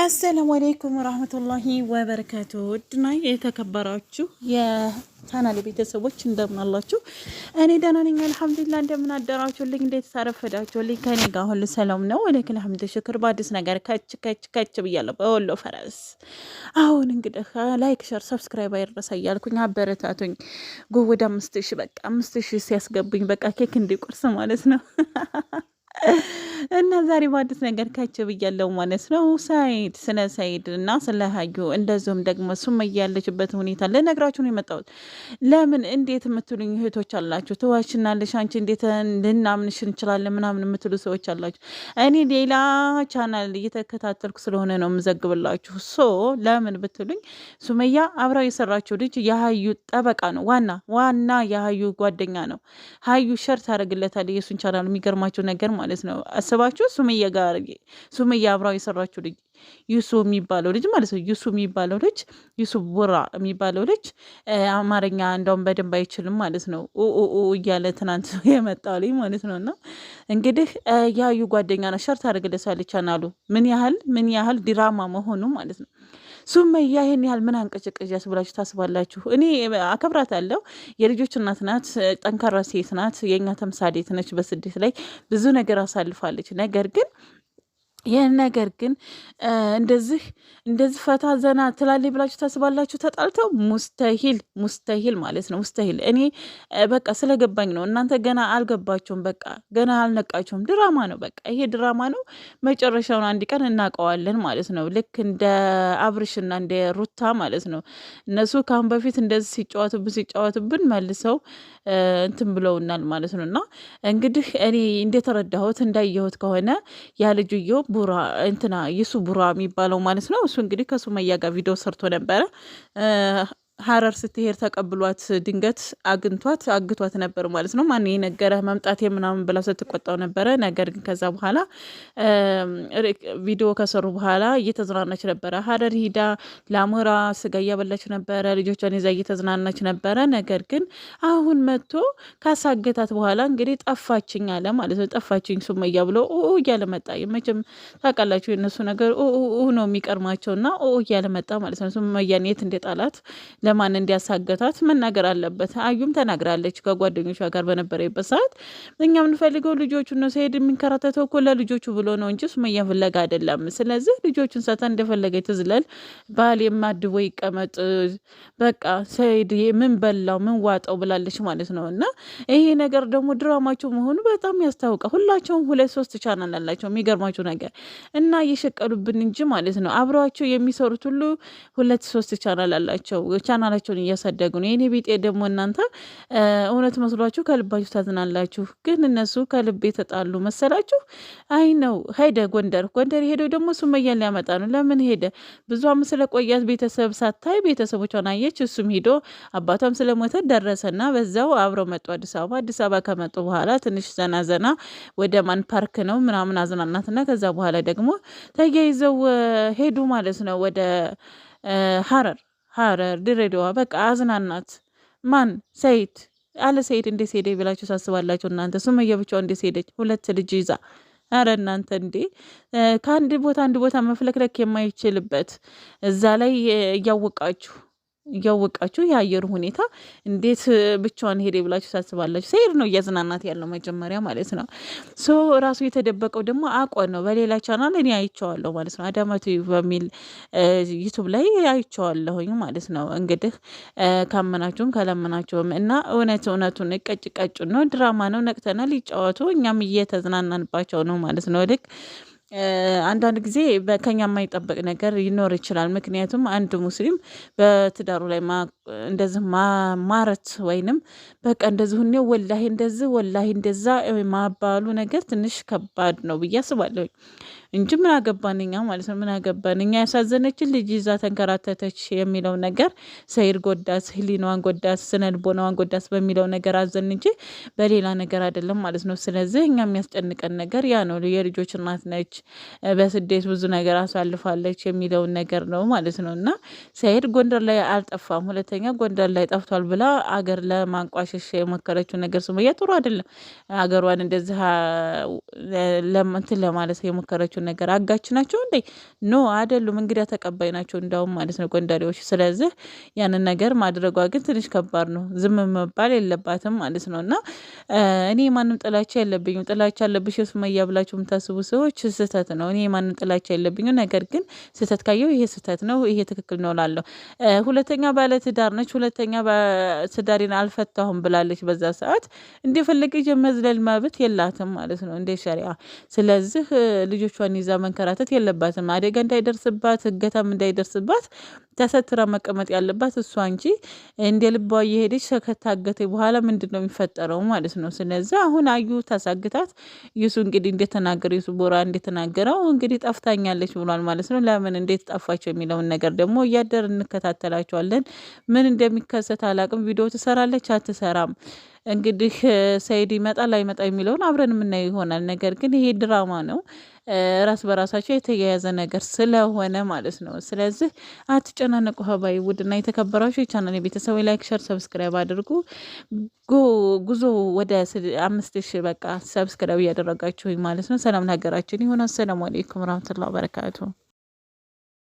አሰላሙ አሌይኩም ረህመቱላሂ ወበረካቱ። ውድና የተከበራችሁ የቻናል ቤተሰቦች እንደምን አላችሁ? እኔ ደህና ነኝ አልሐምዱሊላህ። እንደምን አደራችሁልኝ? እንዴት ሳረፈዳችሁልኝ? ከኔ ጋር ሁሉ ሰላም ነው። ወለክል ሐምድ ሽክር። በአዲስ ነገር ከች ከች ከች ብያለሁ በወሎ ፈረስ። አሁን እንግዲህ ላይክ፣ ሸር፣ ሰብስክራይብ አይረሳ እያልኩኝ አበረታቱኝ። ጉውድ አምስት ሺህ በቃ አምስት ሺህ ሲያስገቡኝ በቃ ኬክ እንዲቆርስ ማለት ነው እና ዛሬ በአዲስ ነገር ካቸው ብያለው ማለት ነው። ሳይድ ስለ ሳይድ እና ስለ ሀዩ እንደዚሁም ደግሞ ሱመያ ያለችበት ሁኔታ ልነግራችሁ ነው የመጣሁት። ለምን እንዴት የምትሉኝ እህቶች አላችሁ። ትዋሽናለሽ አንቺ እንዴት ልናምንሽ እንችላለን ምናምን የምትሉ ሰዎች አላችሁ። እኔ ሌላ ቻናል እየተከታተልኩ ስለሆነ ነው የምዘግብላችሁ። ሶ ለምን ብትሉኝ ሱመያ አብራው የሰራችው ልጅ የሀዩ ጠበቃ ነው። ዋና ዋና የሀዩ ጓደኛ ነው። ሀዩ ሸር ታደርግለታል የሱን ቻናል የሚገርማቸው ነገር ማለት ነው። አስባችሁ ሱምያ ጋር ሱምያ አብራው የሰራችሁ ልጅ ዩሱ የሚባለው ልጅ ማለት ነው። ዩሱ የሚባለው ልጅ ዩሱ ቡራ የሚባለው ልጅ አማርኛ እንደውም በደንብ አይችልም ማለት ነው። ኦኦኦ እያለ ትናንት የመጣ ልጅ ማለት ነው። እና እንግዲህ ያዩ ጓደኛ ነው ሸርት አድርግለሳለች አናሉ ምን ያህል ምን ያህል ድራማ መሆኑ ማለት ነው። ሱመያ ይሄን ያህል ምን አንቀጨቀዣት ብላችሁ ታስባላችሁ? እኔ አከብራታለሁ። የልጆች እናት ናት፣ ጠንካራ ሴት ናት፣ የእኛ ተምሳሌት ነች። በስደት ላይ ብዙ ነገር አሳልፋለች። ነገር ግን ይህን ነገር ግን እንደዚህ እንደዚህ ፈታ ዘና ትላል ብላችሁ ታስባላችሁ? ተጣልተው ሙስተሂል ሙስተሂል ማለት ነው። ሙስተሂል እኔ በቃ ስለገባኝ ነው። እናንተ ገና አልገባችሁም። በቃ ገና አልነቃችሁም። ድራማ ነው። በቃ ይሄ ድራማ ነው። መጨረሻውን አንድ ቀን እናውቀዋለን ማለት ነው። ልክ እንደ አብርሽና እንደ ሩታ ማለት ነው። እነሱ ካሁን በፊት እንደዚህ ሲጫወቱብን ሲጫወቱብን መልሰው እንትን ብለውናል ማለት ነው። እና እንግዲህ እኔ እንደተረዳሁት እንዳየሁት ከሆነ ያ ቡራ እንትና ይሱ ቡራ የሚባለው ማለት ነው። እሱ እንግዲህ ከሱመያ ጋር ቪዲዮ ሰርቶ ነበረ። ሀረር ስትሄድ ተቀብሏት ድንገት አግኝቷት አግቷት ነበር ማለት ነው። ማን የነገረ መምጣት የምናምን ብላ ስትቆጣው ነበረ። ነገር ግን ከዛ በኋላ ቪዲዮ ከሰሩ በኋላ እየተዝናናች ነበረ። ሀረር ሂዳ ለአሞራ ስጋ እያበላች ነበረ፣ ልጆቿን ይዛ እየተዝናናች ነበረ። ነገር ግን አሁን መጥቶ ካሳገታት በኋላ እንግዲህ ጠፋችኝ አለ ማለት ነው። ጠፋችኝ ሱመያ ብሎ እያለ መጣ። መቼም ታውቃላችሁ የእነሱ ነገር ነው የሚቀርማቸው እና እያለ መጣ ማለት ነው። ሱመያን የት እንደጣላት ለማን እንዲያሳገቷት መናገር አለበት። አዩም ተናግራለች ከጓደኞቿ ጋር በነበረበት ሰዓት እኛ የምንፈልገው ልጆቹ ነው። ሲሄድ የሚንከራተተው እኮ ለልጆቹ ብሎ ነው እንጂ ሱመያ ፍለጋ አይደለም። ስለዚህ ልጆቹን ሰተን እንደፈለገ ትዝለል፣ ባል የማድቦ ይቀመጥ፣ በቃ ሰይድ ምን በላው ምን ዋጠው ብላለች ማለት ነው። እና ይሄ ነገር ደግሞ ድራማቸው መሆኑ በጣም ያስታውቃል። ሁላቸውም ሁለት ሶስት ቻናል አላቸው የሚገርማቸው ነገር እና እየሸቀሉብን እንጂ ማለት ነው አብረዋቸው የሚሰሩት ሁሉ ሁለት ሶስት ቻናል አላቸው። ቻናላቸውን እያሳደጉ ነው። የኔ ቢጤ ደግሞ እናንተ እውነት መስሏችሁ ከልባችሁ ታዝናላችሁ፣ ግን እነሱ ከልብ የተጣሉ መሰላችሁ። አይ ነው ሄደ ጎንደር። ጎንደር የሄደው ደግሞ ሱመያን ሊያመጣ ነው። ለምን ሄደ? ብዙ ስለቆያት ቤተሰብ ሳታይ ቤተሰቦቿን አየች። እሱም ሂዶ አባቷም ስለሞተ ደረሰና በዛው አብረው መጡ አዲስ አበባ። አዲስ አበባ ከመጡ በኋላ ትንሽ ዘና ዘና ወደ ማን ፓርክ ነው ምናምን አዝናናትና ከዛ በኋላ ደግሞ ተያይዘው ሄዱ ማለት ነው ወደ ሀረር ሐረር፣ ድሬዳዋ በቃ አዝናናት። ማን ሰይድ አለ ሰይድ እንዴት ሄደ ብላችሁ ሳስባላችሁ እናንተ። ሱመያ ብቻዋ እንዴት ሄደች? ሁለት ልጅ ይዛ አረ እናንተ እንዴ! ከአንድ ቦታ አንድ ቦታ መፍለክለክ የማይችልበት እዛ ላይ እያወቃችሁ እያወቃችሁ የአየሩ ሁኔታ እንዴት ብቻዋን ሄደ ብላችሁ ታስባላችሁ? ሰይድ ነው እያዝናናት ያለው መጀመሪያ ማለት ነው። ሶ ራሱ የተደበቀው ደግሞ አቆ ነው። በሌላ ቻናል እኔ አይቼዋለሁ ማለት ነው። አዳማቱ በሚል ዩቱብ ላይ አይቼዋለሁኝ ማለት ነው። እንግዲህ ካመናችሁም ካላመናችሁም እና እውነት እውነቱን ቀጭ ነው፣ ድራማ ነው። ነቅተናል፣ ይጫወቱ። እኛም እየተዝናናንባቸው ነው ማለት ነው ልክ አንዳንድ ጊዜ ከኛ የማይጠበቅ ነገር ይኖር ይችላል። ምክንያቱም አንድ ሙስሊም በትዳሩ ላይ እንደዚህ ማረት ወይንም በቃ እንደዚህ ሁኔ ወላሂ እንደዚህ ወላሂ እንደዛ ማባሉ ነገር ትንሽ ከባድ ነው ብዬ አስባለሁኝ። እንጂ ምን አገባን እኛ ማለት ነው። ምን አገባን እኛ ያሳዘነችን ልጅ ይዛ ተንከራተተች የሚለው ነገር ሰይድ ጎዳስ፣ ህሊናዋን ጎዳስ፣ ስነልቦናዋን ጎዳስ በሚለው ነገር አዘን እንጂ በሌላ ነገር አይደለም ማለት ነው። ስለዚህ እኛ የሚያስጨንቀን ነገር ያ ነው። የልጆች እናት ነች፣ በስደት ብዙ ነገር አሳልፋለች የሚለውን ነገር ነው ማለት ነው። እና ሰይድ ጎንደር ላይ አልጠፋም፣ ሁለተኛ ጎንደር ላይ ጠፍቷል ብላ አገር ለማንቋሸሽ የሞከረችው ነገር ሱመያ ጥሩ አይደለም። አገሯን እንደዚህ ለምንትን ለማለት የሞከረችው የሚያደርጉትን ነገር አጋች ናቸው እንዴ? ኖ አይደሉም፣ እንግዳ ተቀባይ ናቸው እንዳውም ማለት ነው ጎንደሬዎች። ስለዚህ ያንን ነገር ማድረጓ ግን ትንሽ ከባድ ነው። ዝም መባል የለባትም ማለት ነው። እና እኔ ማንም ጥላቻ የለብኝም። ጥላቻ አለብሽ ሱመያ ብላችሁ የምታስቡ ሰዎች ስህተት ነው። እኔ ማንም ጥላቻ የለብኝም። ነገር ግን ስህተት ካየው ይሄ ስህተት ነው፣ ይሄ ትክክል ነው ላለሁ። ሁለተኛ ባለ ትዳር ነች። ሁለተኛ ትዳሬን አልፈታሁም ብላለች። በዛ ሰዓት እንዲፈልግ የመዝለል መብት የላትም ማለት ነው እንደ ሸሪያ። ስለዚህ ልጆቿን ልጇን ይዛ መንከራተት የለባትም። አደጋ እንዳይደርስባት፣ እገታም እንዳይደርስባት ተሰትራ መቀመጥ ያለባት እሷ እንጂ እንደ ልቧ እየሄደች ከታገተ በኋላ ምንድን ነው የሚፈጠረው ማለት ነው። ስለዚ አሁን አዩ ታሳግታት ይሱ እንግዲህ እንደተናገረ ይሱ ቦራ እንደተናገረው እንግዲህ ጠፍታኛለች ብሏል ማለት ነው። ለምን እንዴት ጠፋቸው የሚለውን ነገር ደግሞ እያደር እንከታተላቸዋለን። ምን እንደሚከሰት አላቅም። ቪዲዮ ትሰራለች አትሰራም እንግዲህ ሰይድ ይመጣ ላይመጣ የሚለውን አብረን የምናየው ይሆናል። ነገር ግን ይሄ ድራማ ነው። ራስ በራሳቸው የተያያዘ ነገር ስለሆነ ማለት ነው። ስለዚህ አትጨናነቁ። ሀባይ ውድና የተከበራችሁ የቻናል የቤተሰብ ላይክ፣ ሸር፣ ሰብስክራይብ አድርጉ። ጉዞ ወደ አምስት ሺ በቃ ሰብስክራይብ እያደረጋችሁኝ ማለት ነው። ሰላም ለሀገራችን ይሁን። አሰላሙ አሌይኩም ረህመቱላሂ በረካቱ